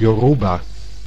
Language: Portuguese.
Yoruba